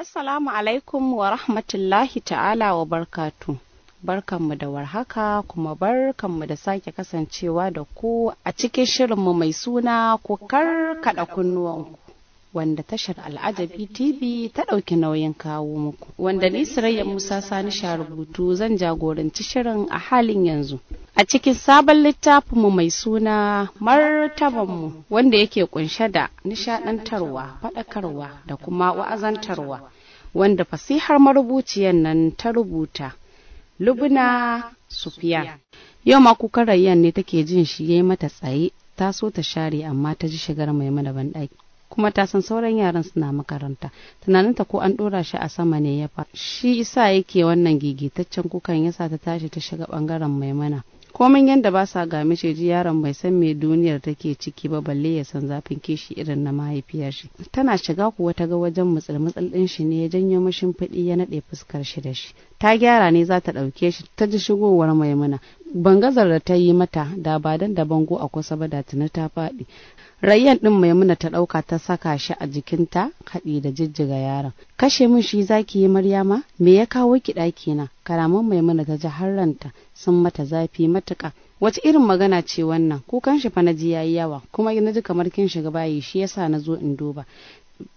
Assalamu alaikum wa rahmatullahi ta'ala wa barkatu. Barkanmu da warhaka kuma barkanmu da sake kasancewa da ku a cikin shirinmu mai suna ku karkada kunnuwanku. wanda tashar al'ajabi tv ta ɗauki nauyin kawo muku wanda ni sirayya musa sani sha rubutu zan jagoranci shirin a halin yanzu a cikin sabon littafinmu mai suna martabanmu wanda yake kunshe da nishadantarwa faɗakarwa da kuma wa'azantarwa wanda fasihar marubuciyar nan ta rubuta lubna sufiyan yau ma kukan rayyan ne take jin shi yayi mata tsaye ta so ta share amma ta ji shigar mai mana banɗaki kuma ta san sauran yaran suna makaranta tunaninta ko an dora shi a sama ne ya fa shi isa yake wannan gigitaccen kukan yasa ta tashi ta shiga bangaren maimuna komin yadda ba sa ga ji yaron bai san me duniyar take ciki ba balle ya san zafin kishi irin na mahaifiyar shi tana shiga kuwa ta ga wajen mutsul mutsul din shi ne ya janyo mashin fadi ya naɗe fuskar shi da shi ta gyara ne za ta dauke shi ta ji shigowar maimuna bangazar da ta yi mata da ba dan da bango a kusa ba da tuni ta faɗi rayyan ɗin maimuna ta ɗauka ta saka shi a jikinta haɗi da jijjiga yaron kashe min shi zaki yi maryama me ya kawo ki ɗaki na karamin maimuna ta ji harranta sun mata zafi matuƙa wace irin magana ce wannan kukan shi fa na ji yayi yawa kuma na ji kamar kin shiga bayi shi yasa na zo in duba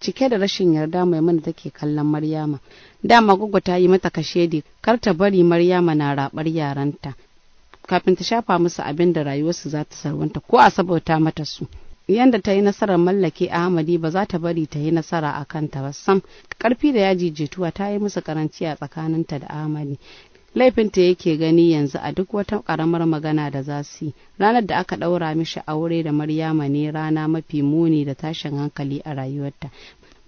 cike da rashin yarda maimuna take kallon maryama dama gugu ta yi mata kashedi kar ta bari maryama na rabar yaranta kafin ta shafa musu abin da rayuwarsu za ta sarwanta ko a sabauta mata su yadda ta yi nasarar mallake ahmadi ba za ta bari ta yi nasara a kanta ba sam karfi da yaji jituwa ta yi musu karanci a tsakaninta da ahmadi laifinta yake gani yanzu a duk wata karamar magana da za su yi ranar da aka ɗaura mishi aure da maryama ne rana mafi muni da tashin hankali a rayuwarta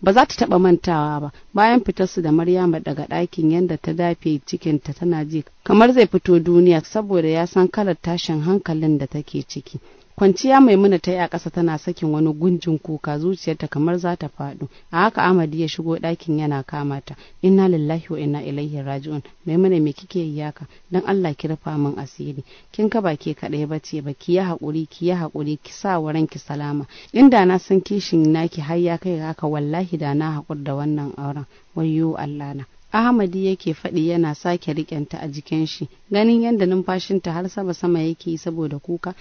ba za ta taɓa mantawa ba bayan fitarsu da maryama daga ɗakin yadda ta dafe cikinta tana ji kamar zai fito duniya saboda ya san kalar tashin hankalin da take ciki kwanciya maimuna ta yi a ƙasa tana sakin wani gunjin kuka zuciyarta kamar za ta faɗo a haka amadi ya shigo ɗakin yana kama ta inna lillahi wa inna ilaihi raji'un maimuna me kike yi yaka dan Allah ki rufa min asiri kin ka baki kaɗai ba ce ba ki yi haƙuri ki yi haƙuri ki sa wa ranki salama inda na san kishin naki har ya kai haka wallahi da na haƙur da wannan auren wayyo Allah na Ahmadi yake faɗi yana sake riƙenta a jikin shi ganin yadda numfashinta har sama sama yake yi saboda kuka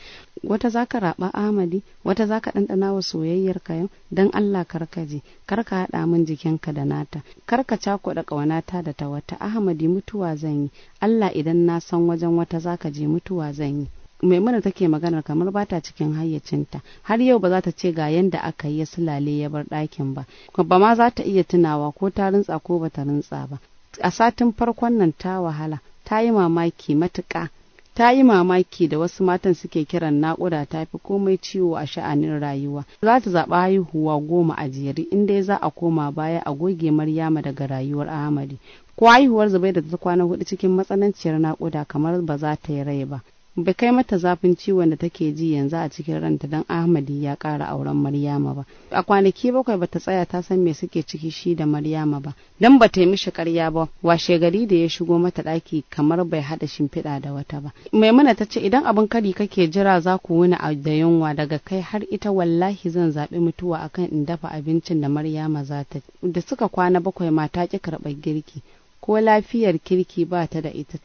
wata za ka raɓa, Ahmadi wata za ka ɗanɗana wa soyayyar ka yau dan Allah karka Kar ka haɗa min jikinka da nata Kar karka cakuɗa ƙaunata da ta wata Ahmadi mutuwa zan yi Allah idan na san wajen wata za ka je mutuwa zan yi maimuna take magana kamar ba ta cikin hayyacinta har yau ba za ta ce ga yadda aka yi sulale ya bar ɗakin ba ba ma za ta iya tunawa ko ta rintsa ko ba ta rintsa ba a satin farkon nan ta wahala ta yi mamaki matuka. ta yi mamaki da wasu matan suke kiran naƙuda ta fi komai ciwo a sha'anin rayuwa za ta zaɓa haihuwa goma a jere in dai za a koma baya a goge maryama daga rayuwar ahmadi ko haihuwar zubai da ta kwana hudu cikin matsananciyar naƙuda kamar ba za ta yi rai ba bai kai mata zafin ciwon da take ji yanzu a cikin ranta don ahmadi ya ƙara auren maryama ba a kwanaki bakwai bata tsaya ta san me suke ciki shi da maryama ba don ba ta yi mishi ƙarya ba washe gari da ya shigo mata ɗaki kamar bai haɗa shimfiɗa da wata ba maimuna ta ce idan abin kari kake jira za ku wuni a da yunwa daga kai har ita wallahi zan zaɓi mutuwa akan in dafa abincin da maryama za ta da suka kwana bakwai mata ki karɓar girki ko lafiyar kirki ba ta da ita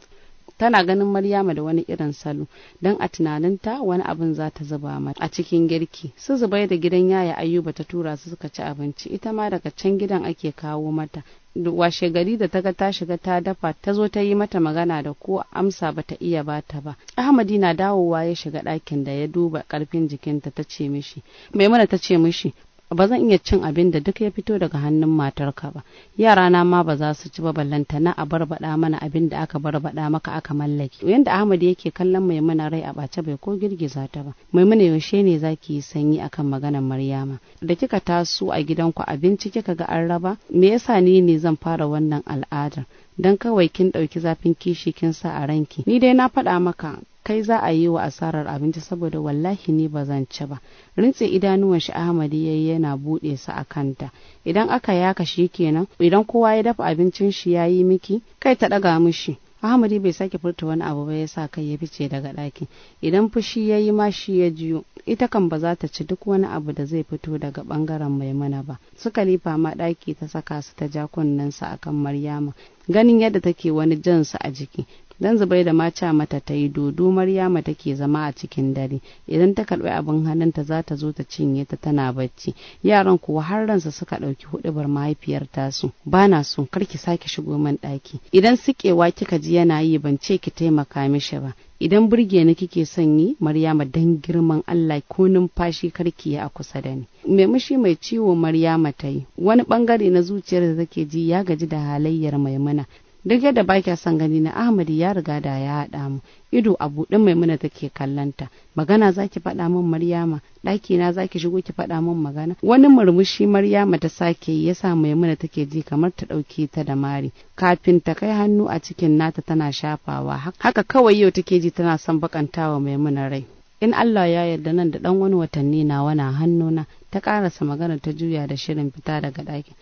tana ganin maryama da wani irin salo don a tunaninta wani abin za ta zuba mata a cikin girki su zubai da gidan yaya ayuba ta tura su suka ci abinci ita ma daga can gidan ake kawo mata washe gari da taga ta shiga ta dafa ta zo ta yi mata magana da ko amsa ba ta iya ba ta ba ahmadi na dawowa ya shiga ɗakin da ya duba ƙarfin jikinta ta ce mishi maimuna ta ce mishi ba zan iya cin abin da duk ya fito daga hannun matarka ba yarana ma ba za su ci ba ballanta na a barbaɗa mana abin da aka barbaɗa maka aka mallaki yanda ahmad yake kallon maimuna rai a ɓace bai ko girgiza ta ba maimuna yaushe ne za ki yi sanyi akan maganar maryama da kika taso a gidanku abinci kika ga an raba me yasa ni ne zan fara wannan al'adar dan kawai kin ɗauki zafin kishi kin sa a ranki ni dai na faɗa maka kai za a yi wa asarar abinci saboda wallahi ni ba zan ci ba rintse idanuwan shi ahmadi yi yana bude su a kanta idan aka yaka shi kenan idan kowa ya dafa abincin shi ya yi miki kai ta daga mishi ahmadi bai sake furta wani abu ba ya sa kai ya fice daga ɗakin idan fushi ya yi ma shi ya jiyo ita kan ba za ta ci duk wani abu da zai fito daga bangaren maimuna ba suka lifa ma ɗaki ta saka su ta ja kunnensa akan maryama ganin yadda take wani jansu a jiki dan zubai da maca mata ta yi dodo maryama take zama a cikin dare idan ta karbi abin hannunta za ta zo ta cinye ta tana bacci yaran kuwa har ransa suka ɗauki huɗubar mahaifiyar tasu bana so kar ki sake shigo man ɗaki idan sikewa kika ji yana yi ban ce ki taimaka mishi ba idan burge ni kike son yi maryama dan girman allah ko numfashi karki ya a kusa da ni mushi mai ciwo maryama ta yi wani bangare na zuciyar da take ji ya gaji da halayyar maimuna duk yadda ba kya son gani na ahmadi ya riga da ya haɗa mu ido a buɗe maimuna take kallanta magana za ki faɗa min maryama ɗaki na ki shigo ki faɗa min magana wani murmushi maryama ta sake yi yasa maimuna take ji kamar ta ɗauke ta da mari kafin ta kai hannu a cikin nata tana shafawa haka kawai yau take ji tana son wa maimuna rai in Allah ya yarda nan da ɗan wani watanni na wana hannuna ta ƙarasa magana ta juya da shirin fita daga ɗakin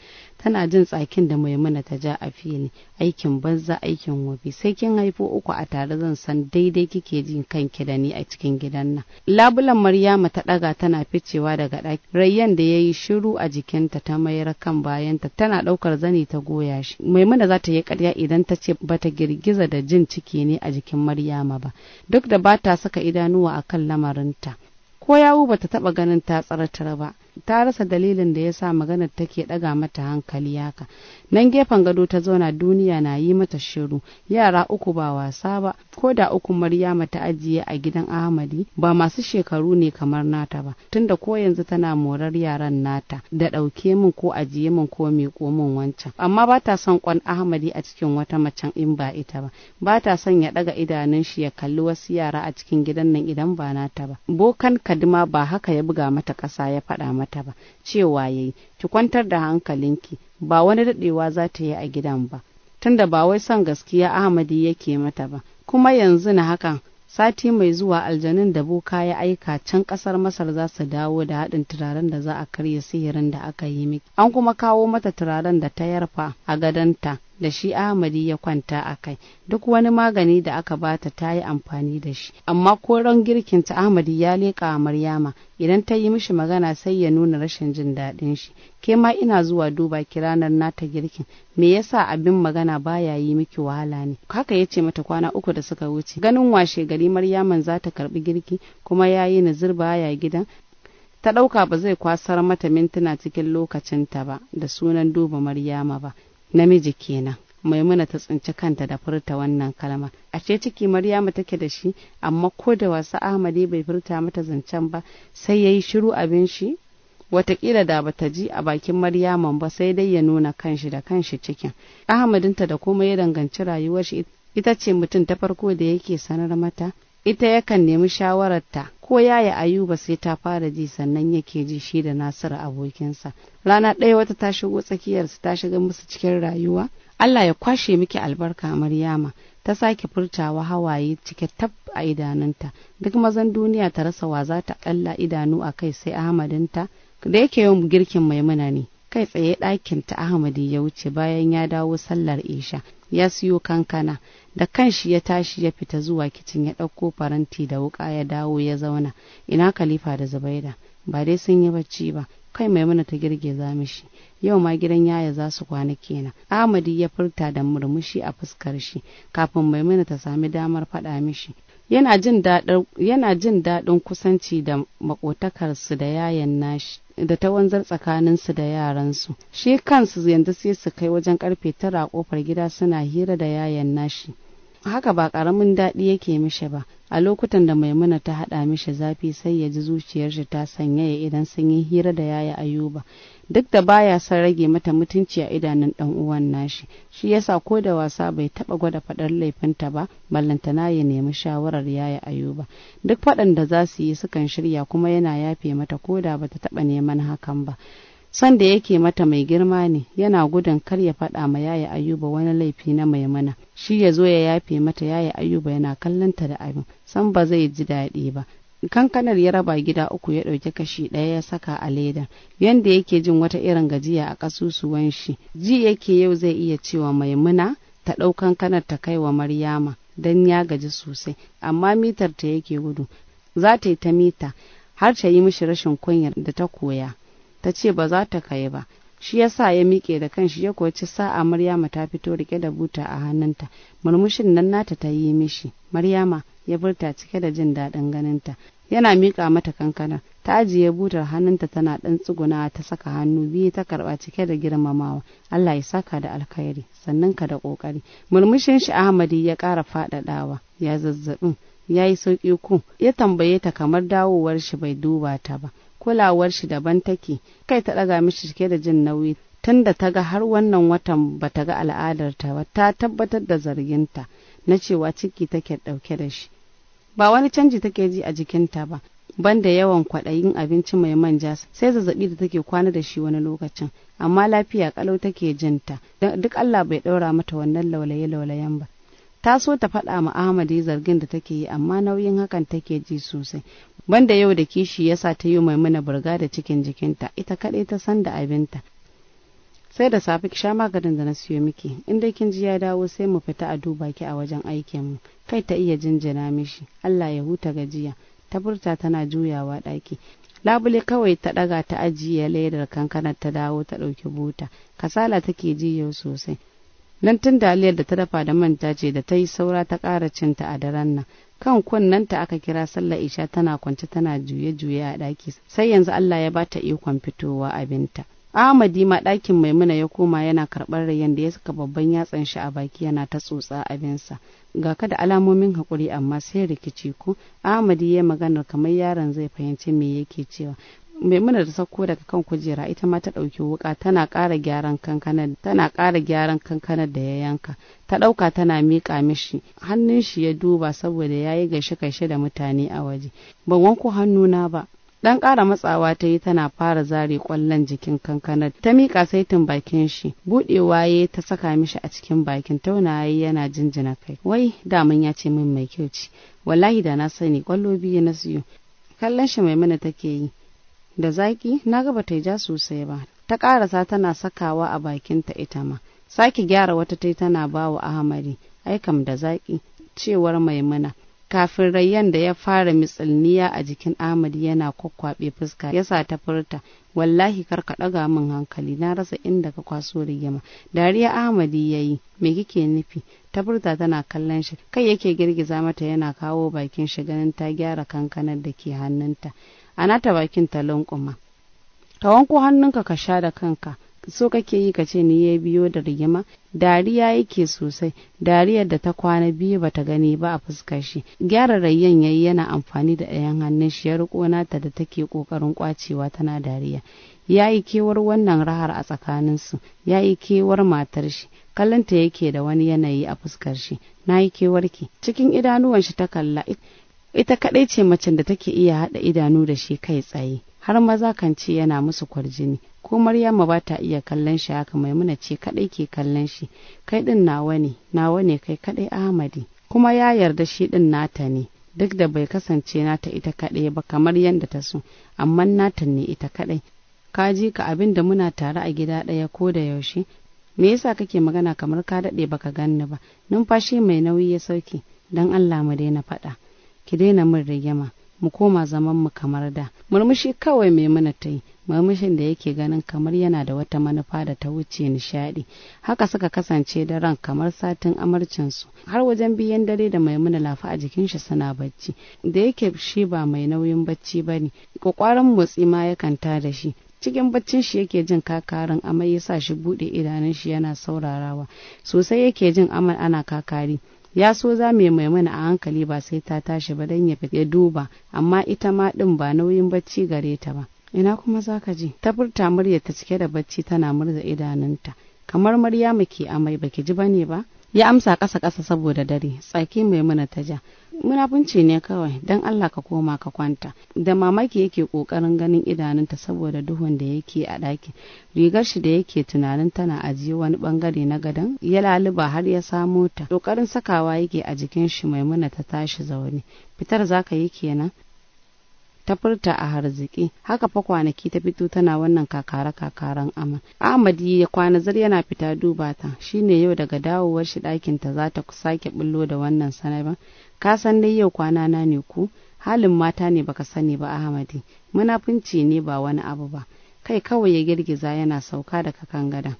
tana jin tsakin da maimuna ta ja a fili aikin banza aikin wabi sai kin haifo uku a tare zan san daidai kike jin kanki da ni a cikin gidan nan labulan maryama ta daga tana ficewa daga ɗaki rayyan da yayi shiru a jikinta ta mayar kan bayanta tana ɗaukar zani ta goya shi maimuna za ta yi ƙarya idan ta ce bata girgiza da jin ciki ne a jikin maryama ba duk da bata saka idanuwa akan lamarinta ko ba bata taɓa ganin ta tsaratar ba ta rasa dalilin da ya sa maganar take ɗaga mata hankali haka nan gefen gado ta zauna duniya na yi mata shiru yara uku ba wasa ba ko da uku maryama ta ajiye a gidan ahmadi ba masu shekaru ne kamar nata ba tunda ko yanzu tana morar yaran nata da ɗauke min ko ajiye min ko ko min wancan amma ba ta son kwan ahmadi a cikin wata macen in ba ita ba ba ta son ya ɗaga idanun shi ya kalli wasu yara a cikin gidan nan idan ba nata ba bokan kaduma ba haka ya buga mata ƙasa ya faɗa mata ta ba cewa yayi ki kwantar da hankalinki ba wani daɗewa za ta yi a gidan ba tunda ba wai son gaskiya ahmadi yake mata ba kuma yanzu na hakan sati mai zuwa aljanun da boka ya aika can ƙasar masar za su dawo da haɗin turaren da za a karya sihirin da aka yi miki an kuma kawo mata turaren da ta yarfa a gadonta da shi Ahmadi ya kwanta a kai duk wani magani da aka bata ta yi amfani da shi amma koron girkin ta Ahmadi ya leƙa a Maryama idan ta yi mishi magana sai ya nuna rashin jin daɗin shi ke ma ina zuwa duba kiranar nata girkin me yasa abin magana baya yi miki wahala ne haka ya ce mata kwana uku da suka wuce ganin washe gari Maryaman za ta karɓi girki kuma ya yi nazir baya gidan ta ɗauka ba zai kwasar mata mintuna cikin lokacinta ba da sunan duba Maryama ba namiji kenan maimuna ta tsinci kanta da furta wannan kalma a ce ciki maryama take da shi amma ko da wasu ahmadi bai furta mata zancen ba sai ya yi shiru abin shi watakila da bata ji a bakin maryaman ba sai dai ya nuna kanshi da kanshi cikin ahmadinta da komai ya danganci rayuwar shi ita ce mutum ta farko da yake sanar mata ita yakan nemi shawararta ko yaya ayuba sai ta fara ji sannan yake ji shi da nasiru abokinsa rana ɗaya wata ta shigo tsakiyarsu ta shiga musu cikin rayuwa allah ya kwashe miki albarka maryama ta sake furtawa hawaye cike tab a idanunta duk mazan duniya ta rasa wa za ta kalla idanu a kai sai ahmadinta da yake yawan girkin maimuna ne kai tsaye ɗakin ta ahmadi ya wuce bayan ya dawo sallar isha ya siyo kankana da kanshi ya tashi ya fita zuwa kicin ya ɗauko faranti da wuƙa ya dawo ya zauna ina khalifa da zubaida ba dai sun yi bacci ba kai maimuna ta girgiza mishi yau ma gidan yaya za su kwana kenan ahmadi ya furta da murmushi a fuskar shi kafin maimuna ta sami damar faɗa mishi yana jin daɗin kusanci da makotakarsu da yayan nashi da ta wanzar tsakaninsu da yaransu shi kansu yanzu sai su kai wajen karfe tara a kofar gida suna hira da yayan nashi haka ba ƙaramin daɗi yake mishi ba a lokutan da maimuna ta haɗa mishi zafi sai ya ji zuciyar shi ta sanyaya idan sun yi hira da yaya ayuba duk da baya son rage mata mutunci a idanun ɗan uwan nashi shi yasa ko da wasa bai taɓa gwada faɗar laifinta ba ballantana ya nemi shawarar yaya ayuba duk faɗan da za su yi sukan shirya kuma yana yafe mata ko da bata taɓa neman hakan ba son da yake mata mai girma ne yana gudun kar ya faɗa ma yaya ayuba wani laifi na maimuna shi ya zo ya yafe mata yaya ayuba yana kallonta da abin san ba zai ji daɗi ba kankanar ya raba gida uku ya ɗauki kashi ɗaya ya saka a leda yanda yake jin wata irin gajiya a ƙasusuwan shi ji yake yau zai iya cewa maimuna ta ɗau kankanar ta kai wa maryama don ya gaji sosai amma mitar ta yake gudu za ta yi ta mita har ta yi mishi rashin kunya da ta koya ta ce ba za ta kai ba shi ya sa ya miƙe da kanshi ya kuwa ci sa'a maryama ta fito rike da buta a hannunta murmushin nan nata ta yi mishi maryama ya furta cike da jin daɗin ganinta yana miƙa mata kankana ta ajiye butar hannunta tana ɗan tsuguna ta saka hannu biyu ta karɓa cike da girmamawa allah ya saka da alkhairi sannan ka da ƙoƙari murmushin shi ahmadi ya ƙara faɗaɗawa ya zazzaɓin ya yi sauƙi ku ya tambaye ta kamar dawowar shi bai duba ta ba kulawar shi daban take kai ta ɗaga mishi cike da jin nauyi tunda ta ga har wannan watan ba ta ga al'adar ta ba ta tabbatar da zarginta na cewa ciki take ɗauke da shi ba wani canji take ji a jikinta ba banda yawan kwaɗayin abinci mai manja sai zazzaɓi da take kwana da shi wani lokacin amma lafiya ƙalau take jinta duk Allah bai ɗaura mata wannan laulaye laulayen ba ta so ta faɗa ma Ahmad zargin da take yi amma nauyin hakan take ji sosai banda yau da kishi ya sa ta yi maimuna burga da cikin jikinta ita kaɗai ta san da abinta sai da safi ki sha maganin da na siyo miki in dai kin ji ya dawo sai mu fita a duba ki a wajen aikin mu kai ta iya jinjina mishi Allah ya huta gajiya ta furta tana juyawa ɗaki labule kawai ta ɗaga ta ajiye ledar kankanar ta dawo ta ɗauki buta kasala take ji yau sosai lantin daliyar da ta dafa da manta ce da ta yi saura ta ƙara cinta a daren nan kan ta aka kira sallar isha tana kwance tana juye-juye a ɗaki sai yanzu Allah ya bata ikon fitowa abinta Ahmadi ma ɗakin Maimuna ya koma yana karɓar rayan da ya saka babban yatsan shi a baki yana ta tsotsa abinsa. Ga kada alamomin haƙuri amma sai rikici ko Ahmadi ya maganar kamar yaron zai fahimci me yake cewa maimuna da sauko daga kan kujera ita ma ta ɗauki wuka tana ƙara gyaran kankanar tana ƙara gyaran kankanar da ya yanka ta ɗauka tana miƙa mishi hannun shi ya duba saboda ya yi gaishe gaishe da mutane a waje ban wanko hannuna ba Ɗan ƙara matsawa ta yi tana fara zare ƙwallon jikin kankanar ta miƙa saitin bakin shi buɗewa ya ta saka mishi a cikin bakin tauna yana jinjina kai wai daman ya ce min mai kyau ce wallahi da na sani ƙwallo biyu na siyo kallon shi maimuna take yi da zaƙi, na gaba yi ja sosai ba ta ƙarasa, tana sakawa a bakinta ita ma sake gyara wata tai tana bawa ahmadi aikam da zaƙi. cewar maimuna kafin rayyan da ya fara mitsilniya a jikin Ahmad yana kwakwabe fuska ya sa ta furta wallahi kar ka ɗaga min hankali na rasa inda ka kwaso rigima dariya Ahmad ya yi me kike nufi ta furta tana kallon shi kai yake girgiza mata yana kawo bakin shi ganin ta gyara kankanar da ke hannunta a nata bakin ta kuma. ka wanko hannunka ka sha da kanka so kake yi ka ce ni ya biyo da rigima dariya yake sosai dariyar da ta kwana biyu ba ta gani ba a fuskar shi gyara rayyan yayi yana amfani da ɗayan hannun shi ya riko nata da take kokarin kwacewa tana dariya Ya yi kewar wannan rahar a tsakanin su yi kewar matar shi kallonta yake da wani yanayi a fuskar shi yi kewar ki cikin idanuwan shi ta kalla ita kaɗai ce macen da take iya haɗa idanu da shi kai tsaye har maza kan ce yana musu kwarjini ko maryama ba ta iya kallon shi haka maimuna ce kaɗai ke kallon shi kai ɗin nawa ne nawa ne kai kaɗai ahmadi kuma ya yarda shi ɗin nata ne duk da bai kasance nata ita kaɗai ba kamar yadda ta so amma nata ne ita kaɗai ka ji ka abin da muna tare a gida ɗaya ko da yaushe me yasa kake magana kamar ka daɗe baka ganni ba numfashi mai nauyi ya sauke don allah mu daina faɗa ki daina min rigima mu koma zaman mu kamar da murmushi kawai maimuna ta yi murmushin da yake ganin kamar yana da wata manufa da ta wuce nishadi haka suka kasance da ran kamar satin amarcinsu har wajen biyan dare da maimuna lafa a jikin shi suna bacci da yake shi ba mai nauyin bacci ba ne kwakwaran motsi ma yakan da shi cikin baccin shi yake jin kakarin amai ya sa shi buɗe idanun shi yana saurarawa sosai yake jin amal ana kakari ya so za mai maimuna a hankali ba sai ta tashi ba dan ya ya duba amma ita ma din ba nauyin bacci gare ta ba ina kuma zaka ji ta furta murya ta cike da bacci tana murza idanunta kamar Maryamu ke amai baki ji bane ba ya amsa ƙasa ƙasa saboda dare tsaki maimuna ta ja munafunci ne kawai don allah ka koma ka kwanta da mamaki yake ƙoƙarin ganin idanunta saboda duhun da yake a ɗakin rigar shi da yake tunanin tana ajiye wani bangare na gadon ya laluba har ya samo ta ƙoƙarin sakawa yake a jikin shi maimuna ta tashi zaune fitar zaka yi kenan ta furta a harziki haka fa kwanaki ta fito tana wannan kakara kakaran aman ahmadi ya kwana zar yana fita duba ta shine yau daga dawowar shi ɗakin ta za ta sake bullo da wannan sanarwa ka san dai yau kwana na ne ku halin mata ne baka sani ba ahmadi munafunci ne ba wani abu ba kai kawai ya girgiza yana sauka daga kan gada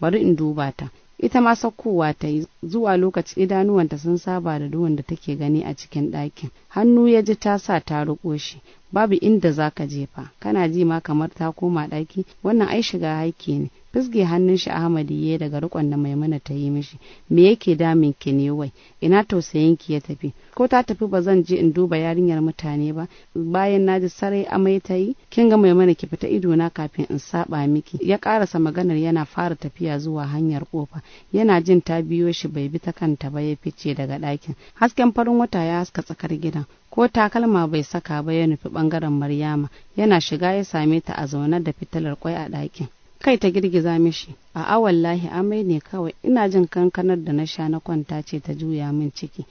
bari in duba ta ita ma saukowa ta yi zuwa lokaci idanuwanta sun saba da duwan da take gani a cikin ɗakin hannu ya ji ta sa ta roƙo shi babu inda za ka jefa kana ji ma kamar ta koma ɗaki wannan ai shiga haike ne fisge hannun shi ahmadi ya daga rikon da maimuna ta yi mishi me yake damin ki ne wai ina tausayin ki ya tafi ko ta tafi ba zan je in duba yarinyar mutane ba bayan naji sarai amai ta yi kin ga maimuna ki fita ido na kafin in saba miki ya karasa maganar yana fara tafiya zuwa hanyar kofa yana jin ta biyo shi bai bi ta kanta ba ya fice daga ɗakin hasken farin wata ya haska tsakar gidan ko takalma bai saka ba ya nufi bangaren Maryama yana shiga ya same ta a zaune da fitilar kwai a ɗakin. kai ta girgiza mishi a wallahi amai ne kawai ina jin kankanar da na sha na kwanta ce ta juya min ciki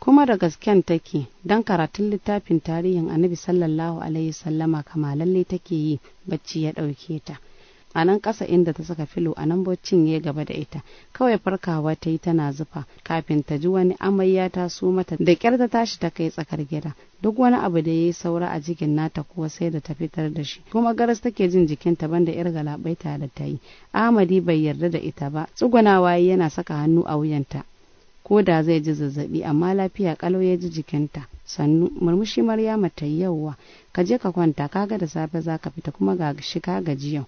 kuma da gasken take don karatun littafin tarihin annabi sallallahu alaihi sallama kama lalle take yi bacci ya ɗauke ta a nan ƙasa inda ta saka filo a nan boccin ya gaba da ita kawai farkawa ta yi tana zufa kafin ta ji wani amai ya taso mata da kyar ta tashi ta kai tsakar gida duk wani abu da ya yi saura a jikin nata kuwa sai da ta fitar da shi kuma garas take jin jikinta banda yar galabaita da ta yi amadi bai yarda da ita ba tsugunawa yana saka hannu a wuyanta ko da zai ji zazzabi amma lafiya kalau ya ji jikinta sannu murmushi maryama ta yauwa ka je ka kwanta kaga da safe za ka fita kuma ga shi ka gaji yau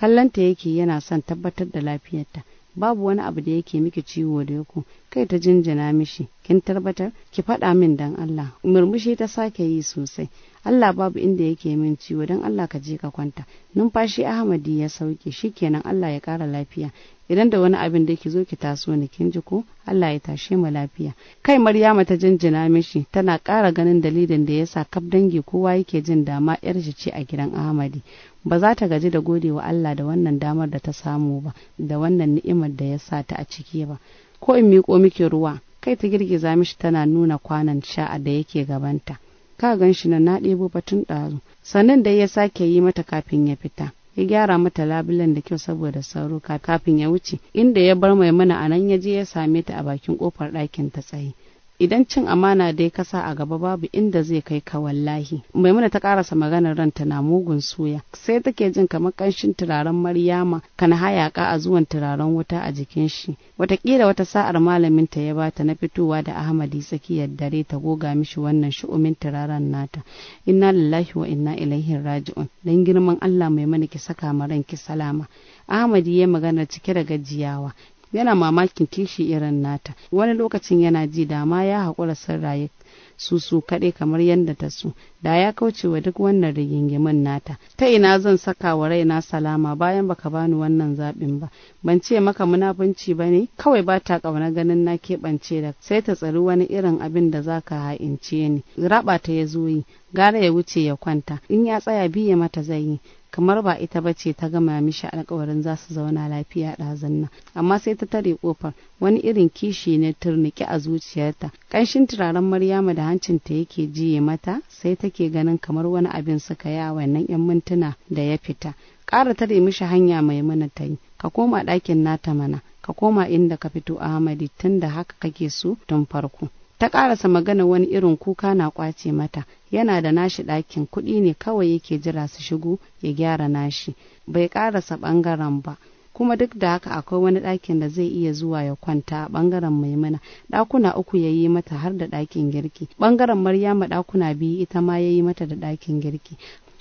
kallanta yake yana son tabbatar da lafiyarta babu wani abu da yake miki ciwo da yako kai ta jinjina mishi kin tabbatar ki faɗa min dan Allah murmushi ta sake yi sosai Allah babu inda yake min ciwo dan Allah ka je ka kwanta numfashi Ahmadi ya sauke shikenan Allah ya ƙara lafiya idan da wani abin da ki zo ki taso ni kin ji ko Allah ya tashe mu lafiya kai Maryama ta jinjina mishi tana ƙara ganin dalilin da yasa kaf dangi kowa yake jin dama yar shi ce a gidan Ahmadi ba za ta gaji da godewa Allah da wannan damar da ta samu ba da wannan ni'imar da ya sa ta a ciki ba ko in miƙo miki ruwa kai ta girgiza mishi tana nuna kwanan sha'a da yake gabanta ka gan shi na ɗebo batun ɗazu sannan dai ya sake yi mata kafin ya fita ya gyara mata labulen da kyau saboda sauro kafin ya wuce inda ya bar maimuna a nan ya je ya same ta a bakin kofar ɗakin ta tsaye idan cin amana dai ya kasa a gaba babu inda zai kai ka wallahi maimuna ta karasa maganar ranta na mugun suya sai take jin kamar kanshin turaren maryama kana hayaka a zuwan turaren wuta a jikin shi watakila wata sa'ar malamin ta ya bata na fitowa da ahmadi tsakiyar dare ta goga mishi wannan shu'umin turaren nata inna lillahi wa inna ilaihi raji'un dan girman Allah maimuna ki saka ma ranki salama ahmadi ya maganar cike da gajiyawa yana mamakin kishi irin nata wani lokacin yana ji dama ya haƙura sarraye raye su su kaɗai kamar yadda ta su. da ya kauce wa duk wannan rigingimin nata ta ina zan saka wa raina salama bayan baka bani wannan zaɓin ba ban ce maka munafunci ba ne kawai ba ta ƙauna ganin na keɓance da sai ta tsari wani irin abin da za ka ha'ince ni raɓa ta ya zo yi gara ya wuce ya kwanta in ya tsaya biye mata zai yi kamar ba ita ba ce ta gama mishi alkawarin za su zauna lafiya ɗazun nan amma sai ta tare kofar wani irin kishi ne turniki a zuciyarta ƙanshin turaren maryama da hancinta yake jiye mata sai take ganin kamar wani abin suka yi a wannan 'yan mintuna da ya fita ƙara tare mishi hanya mai mana ta yi ka koma ɗakin nata mana ka koma inda ka fito ahmadi tun da haka kake so tun farko ta ƙarasa magana wani irin kuka na ƙwace mata yana da nashi ɗakin kuɗi ne kawai yake jira su shigo ya gyara nashi bai ƙarasa ɓangaren ba kuma duk da haka akwai wani ɗakin da zai iya zuwa ya kwanta a ɓangaren maimuna ɗakuna uku ya yi mata har da ɗakin girki ɓangaren maryama ɗakuna biyu ita ma ya yi mata da ɗakin girki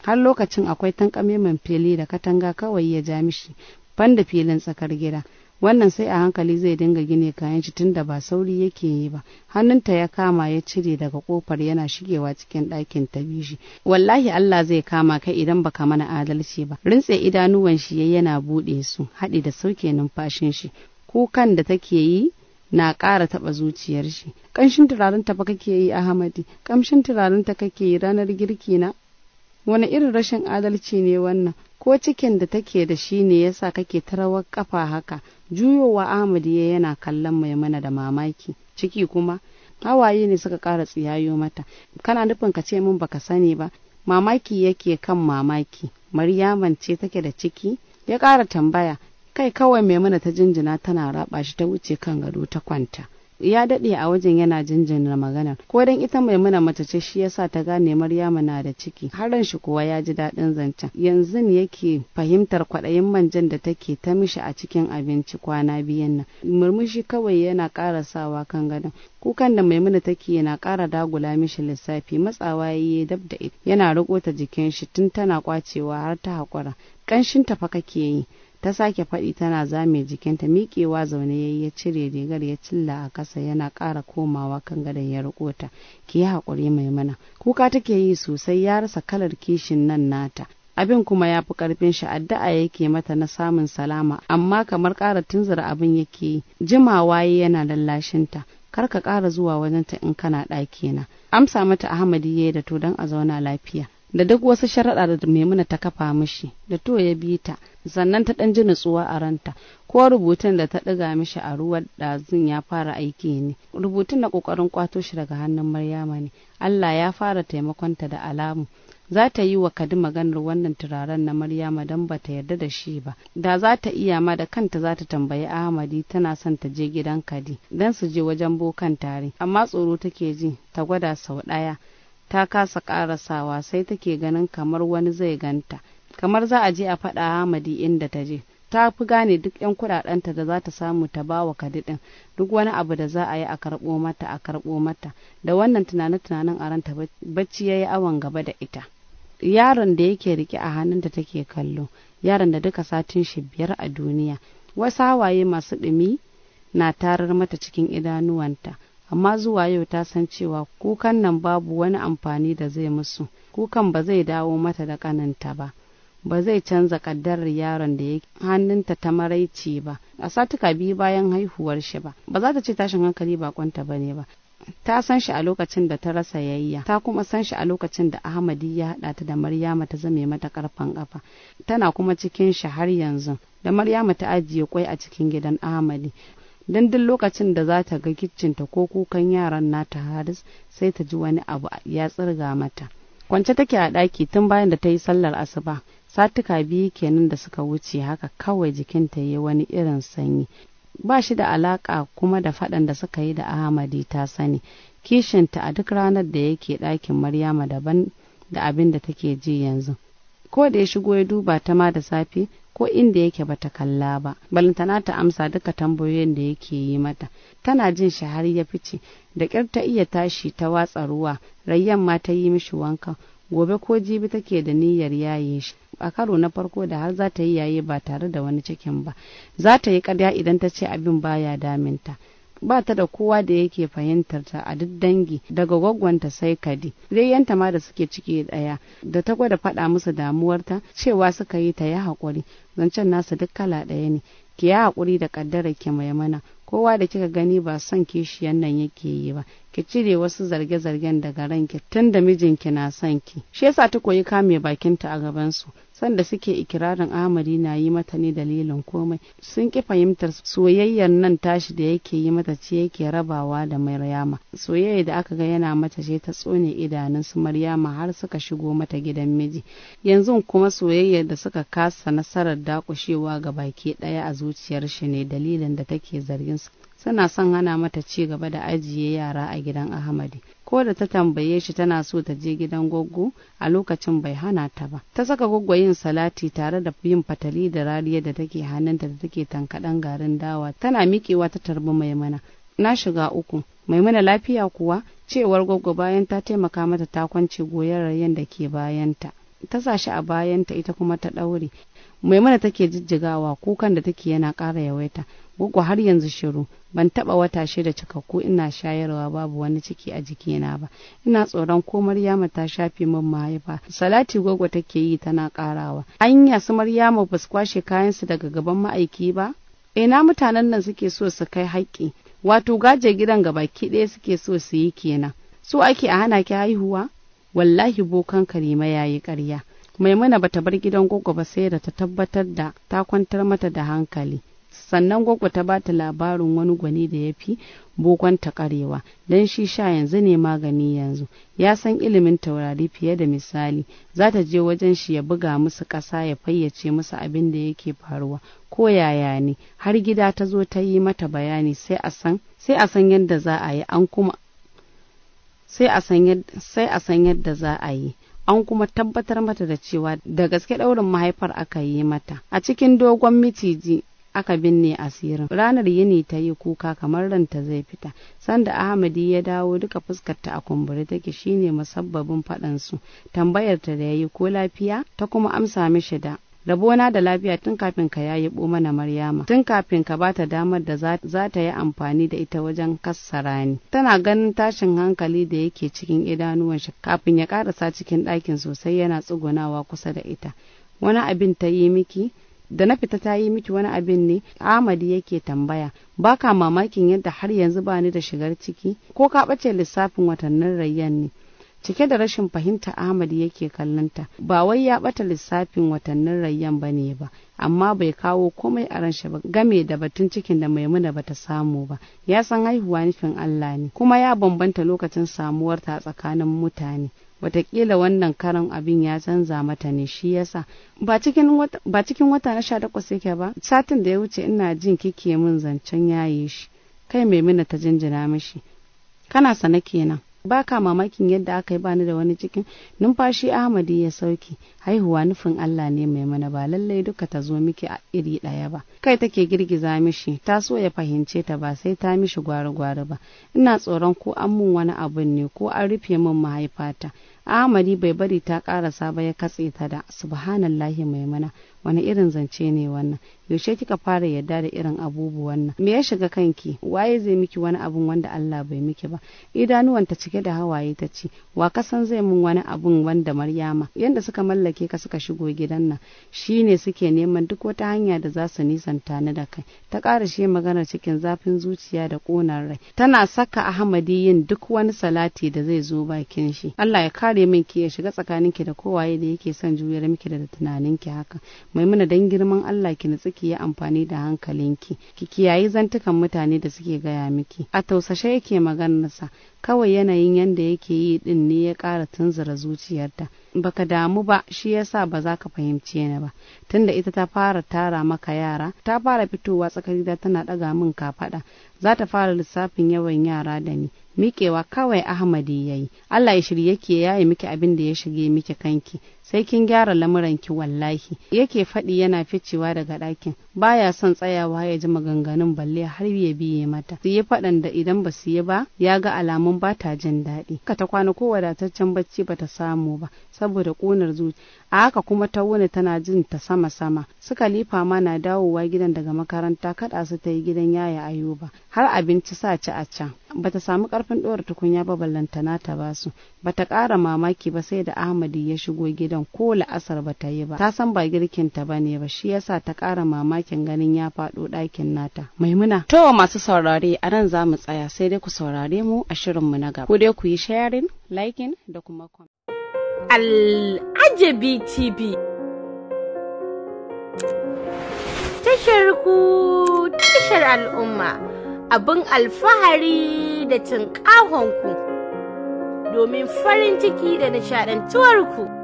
har lokacin akwai tankame fili da katanga kawai ya ja mishi banda filin tsakar gida wannan sai a hankali zai dinga gine kayan shi tunda ba sauri yake yi ba hannunta ya kama ya cire daga kofar yana shigewa cikin ɗakin ta bishi wallahi Allah zai kama kai idan baka mana adalci ba rintse idanuwan shi yana buɗe su haɗi da sauke numfashin shi kukan da take yi na ƙara taɓa zuciyar shi ƙamshin turaren ta kake yi Ahmadi ƙamshin turaren ta kake yi ranar girki na wani irin rashin adalci ne wannan ko cikin da take da shi ne ya sa kake ta rawar kafa haka juyowa ahmad ya yana kallon maimuna da mamaki ciki kuma hawaye ne suka ƙara tsiyayo mata kana nufin ka ce min baka sani ba mamaki yake kan mamaki maryaman ce take da ciki ya ƙara tambaya kai kawai maimuna ta jinjina tana raba shi ta wuce kan gado ta kwanta ya daɗe a wajen yana jinjina magana ko dan ita maimuna mace ce shi yasa ta gane maryama na da ciki har shi kuwa ya ji daɗin zancen yanzu yake fahimtar kwaɗayin manjan da take ta mishi a cikin abinci kwana biyan nan murmushi kawai yana ƙarasawa kan gadon kukan da maimuna take yana ƙara dagula mishi lissafi matsawa ya dab da ita yana riƙo ta jikin shi tun tana kwacewa har ta haƙura ƙanshin ta fa kake yi ta sake faɗi tana zame jikinta miƙewa zaune yayi ya cire rigar ya cilla a ƙasa yana ƙara komawa kan gadon ya riko ta ki yi haƙuri mai mana kuka take yi sosai ya rasa kalar kishin nan nata abin kuma ya fi karfin shi addu'a yake mata na samun salama amma kamar ƙara tunzura abin yake yi jimawa yana lallashinta kar ka ƙara zuwa wajenta in kana ɗaki na amsa mata ahmadi yi da to don a zauna lafiya da duk wasu sharaɗa da maimuna ta kafa mishi da to ya bi ta sannan ta ɗan ji nutsuwa a ranta ko rubutun da ta ɗiga mishi a ruwan ɗazun ya fara aiki ne rubutun na ƙoƙarin kwato shi daga hannun maryama ne allah ya fara taimakonta da alamu za ta yi wa kadi maganar wannan turaren na maryama don ba ta yarda da shi ba da za ta iya ma da kanta za ta tambayi ahmadi tana son ta je gidan kadi don su je wajen bokan tare amma tsoro take ji ta gwada sau ɗaya ta kasa karasawa sai take ganin kamar wani zai ganta kamar za a je a faɗa Hamadi inda ta je ta fi gane duk 'yan kuɗaɗenta da za ta samu ta ba wa kadidin duk wani abu da za a yi a karɓo mata a karɓo mata da wannan tunanin tunanin a ranta bacci ya yi awon gaba da ita yaron da yake rike a hannun da take kallo yaron da duka satin shi biyar a duniya wasu hawaye masu ɗumi na tarar mata cikin idanuwanta amma zuwa yau ta san cewa kukan nan babu wani amfani da zai musu kukan ba zai dawo mata da ƙaninta ba ba zai canza kaddarar yaron da ya hannunta ta maraici ba a satuka biyu bayan haihuwar shi ba ba za ta ce tashin hankali bakonta ba ne ba ta san shi a lokacin da ta rasa yayya ta kuma san shi a lokacin da ahmadi ya haɗa ta da maryama ta zame mata karfan kafa tana kuma cikin shi har yanzu da maryama ta ajiye kwai a cikin gidan ahmadi don duk lokacin da za ta ga ta ko kukan yaran nata haris sai ta ji wani abu ya tsirga mata kwance take a ɗaki tun bayan da ta yi sallar asuba satuka biyu kenan da suka wuce haka kawai jikinta ya yi wani irin sanyi ba shi da alaƙa kuma da faɗan da suka yi da ahmadi ta sani kishinta a duk ranar da yake ɗakin maryama daban da abin da take ji yanzu ko da ya shigo ya duba ta ma da safe ko inda yake bata kalla ba balantana ta amsa duka tambayoyin da yake yi mata tana jin shi har ya fice da ƙyar ta iya tashi ta watsa ruwa rayyan ma ta yi mishi wanka gobe ko jibi take da niyyar yaye shi a karo na farko da har za ta yi yaye ba tare da wani cikin ba za ta yi ƙarya idan ta ce abin baya daminta ba ta da kowa da yake fahimtar ta a duk dangi daga gwaggwanta sai kadi yanta ma da suke ciki daya da ta gwada faɗa musu damuwarta cewa suka yi ta ya haƙuri zancen nasa duk kala ɗaya ne ki ya haƙuri da ƙaddarar ki mai mana kowa da kika gani ba son kishiyan nan yake yi ba ki cire wasu zarge-zargen daga ranki tun da mijinki na son ki shi yasa ta koyi kame bakinta a gabansu. sanda suke ikirarin amari na yi mata ne dalilin komai sun ki fahimtar soyayyar nan tashi da yake yi mata ce yake rabawa da maryama soyayya da aka ga yana mata ce ta tsone idanun su maryama har suka shigo mata gidan miji yanzu kuma soyayyar da suka kasa nasarar dakushewa ga baki daya a zuciyar shi ne dalilin da take zargin suna son hana mata ci gaba da ajiye yara a gidan ahmadi ko da ta tambaye shi tana so ta je gidan goggo a lokacin bai hana ta ba ta saka goggo yin salati tare da yin fatali da rariya da take hannunta da take tankaɗan garin dawa tana miƙewa ta tarbi maimuna na shiga uku maimuna lafiya kuwa cewar goggo bayan ta taimaka mata ta kwance goyon da ke bayanta ta sa shi a bayanta ita kuma ta ɗaure maimuna take jijjigawa kukan da take yana ƙara yawaita gugu har yanzu shiru ban taɓa wata shida cikakku ina shayarwa babu wani ciki a jikina ba ina tsoron ko maryama ta shafe min mahaifa salati gugu take yi tana ƙarawa anya su maryama ba su kwashe kayansu daga gaban ma'aiki ba ina mutanen nan suke so su kai haƙƙi wato gaje gidan gabaki ɗaya suke so su yi kenan Su ake a hana ki haihuwa wallahi bokan karima ya yi ƙarya maimuna bata bar gidan gogo ba sai da ta tabbatar da ta kwantar mata da hankali sannan gwaggo ta bata labarin wani gwani da ya fi bokon ta karewa don shi sha yanzu ne magani yanzu ya san ilimin taurari fiye da misali za ta je wajen shi ya buga musu ƙasa ya fayyace musu abin da yake faruwa ko yaya ne har gida ta zo ta yi mata bayani sai a san yadda za a yi an kuma sai a san yadda za a yi an kuma tabbatar mata da cewa da gaske ɗaurin mahaifar aka yi mata a cikin dogon miciji aka binne asirin ranar yini ta yi kuka kamar ranta zai fita sanda ahmadi ya dawo duka fuskarta a kumburi take shine musabbabin faɗansu Tambayarta da ya yi ko lafiya ta kuma amsa mishi da rabona da lafiya tun kafin ka yayibo mana maryama tun kafin ka bata damar da za ta yi amfani da ita wajen kassara ni tana ganin tashin hankali da yake cikin idanuwan shi kafin ya karasa cikin ɗakin sosai yana tsugunawa kusa da ita wani abin ta yi miki da na fita ta yi miki wani abin ne amadi yake tambaya baka mamakin yadda har yanzu bani da shigar ciki ko ka ɓace lissafin watannin rayyan ne cike da rashin fahimta Ahmad yake kallonta ba wai ya bata lissafin watannin rayyan ba ne ba amma bai kawo komai a ransa ba game da batun cikin da maimuna bata samu ba ya san haihuwa nufin Allah ne kuma ya bambanta lokacin samuwar ta tsakanin mutane watakila wannan karan abin ya canza mata ne shi yasa ba cikin wata na sha takwas yake ba satin da ya wuce ina jin kike min zancen yaye shi kai maimuna ta jinjina mishi kana sana kenan ba ka mamakin yadda aka yi bani da wani cikin numfashi ahmadi ya sauki haihuwa nufin allah ne mai mana ba lallai duka ta zo miki a iri ɗaya ba kai take girgiza mishi ta so ya fahimce ta ba sai ta mishi gwari-gwari ba ina tsoron ko an mun wani abun ne ko an rufe min mahaifata amari bai bari ta karasa ba ya katse ta da subhanallahi maimuna wani irin zance ne wannan yaushe kika fara yarda da irin abubuwan nan me ya shiga kanki waye zai miki wani abun wanda Allah bai miki ba idanuwanta cike da hawaye ta ce wa san zai mun wani abun wanda Maryama yanda suka mallake ka suka shigo gidan nan shine suke neman duk wata hanya da za su nisanta ni da kai ta ƙara shi maganar cikin zafin zuciya da ƙonar rai tana saka Ahmadi yin duk wani salati da zai zo bakin shi Allah ya kare kare min ki ya shiga tsakanin ki da kowaye da yake son juyar miki da tunanin ki haka maimuna dan girman Allah ki nutsu ki yi amfani da hankalinki ki kiyayi zantukan mutane da suke gaya miki a tausashe yake maganarsa kawai yanayin yanda yake yi din ne ya kara tunzura zuciyarta baka damu ba shi yasa ba za ka fahimci ni ba tunda ita ta fara tara maka yara ta fara fitowa tsakar gida tana daga min kafaɗa za ta fara lissafin yawan yara da ni miƙewa kawai ahmadi ya yi allah ya shirye ki ya yi miki abin da ya shige miki kanki sai kin gyara lamuran ki, wallahi yake faɗi yana ficewa daga ɗakin baya son tsayawa ya ji maganganun balle har ya biye mata su yi faɗan da idan ba su yi ba ya ga alamun ba ta jin daɗi ka ta kwana ko wadataccen bacci ba ta samu ba saboda ƙunar zuci a haka kuma ta wuni tana jin ta sama sama suka lifa ma na dawowa gidan daga makaranta kaɗa su ta yi gidan yaya ayuba har abinci sa ci a can Ba ta samu ƙarfin ɗora tukunya ba ballantana ta basu ta ƙara mamaki ba sai da ahmadi ya shigo gidan gidan ko la'asar ba ta yi ba ta san ba girkin ta bane ba shi yasa ta ƙara mamakin ganin ya faɗo ɗakin nata maimuna to masu saurare a nan za mu tsaya sai dai ku saurare mu a shirin mu na gaba ko dai ku yi sharing liking da kuma Al'ajabi TV tashar ku tashar al'umma abin alfahari da cin ku domin farin ciki da nishadantuwar ku.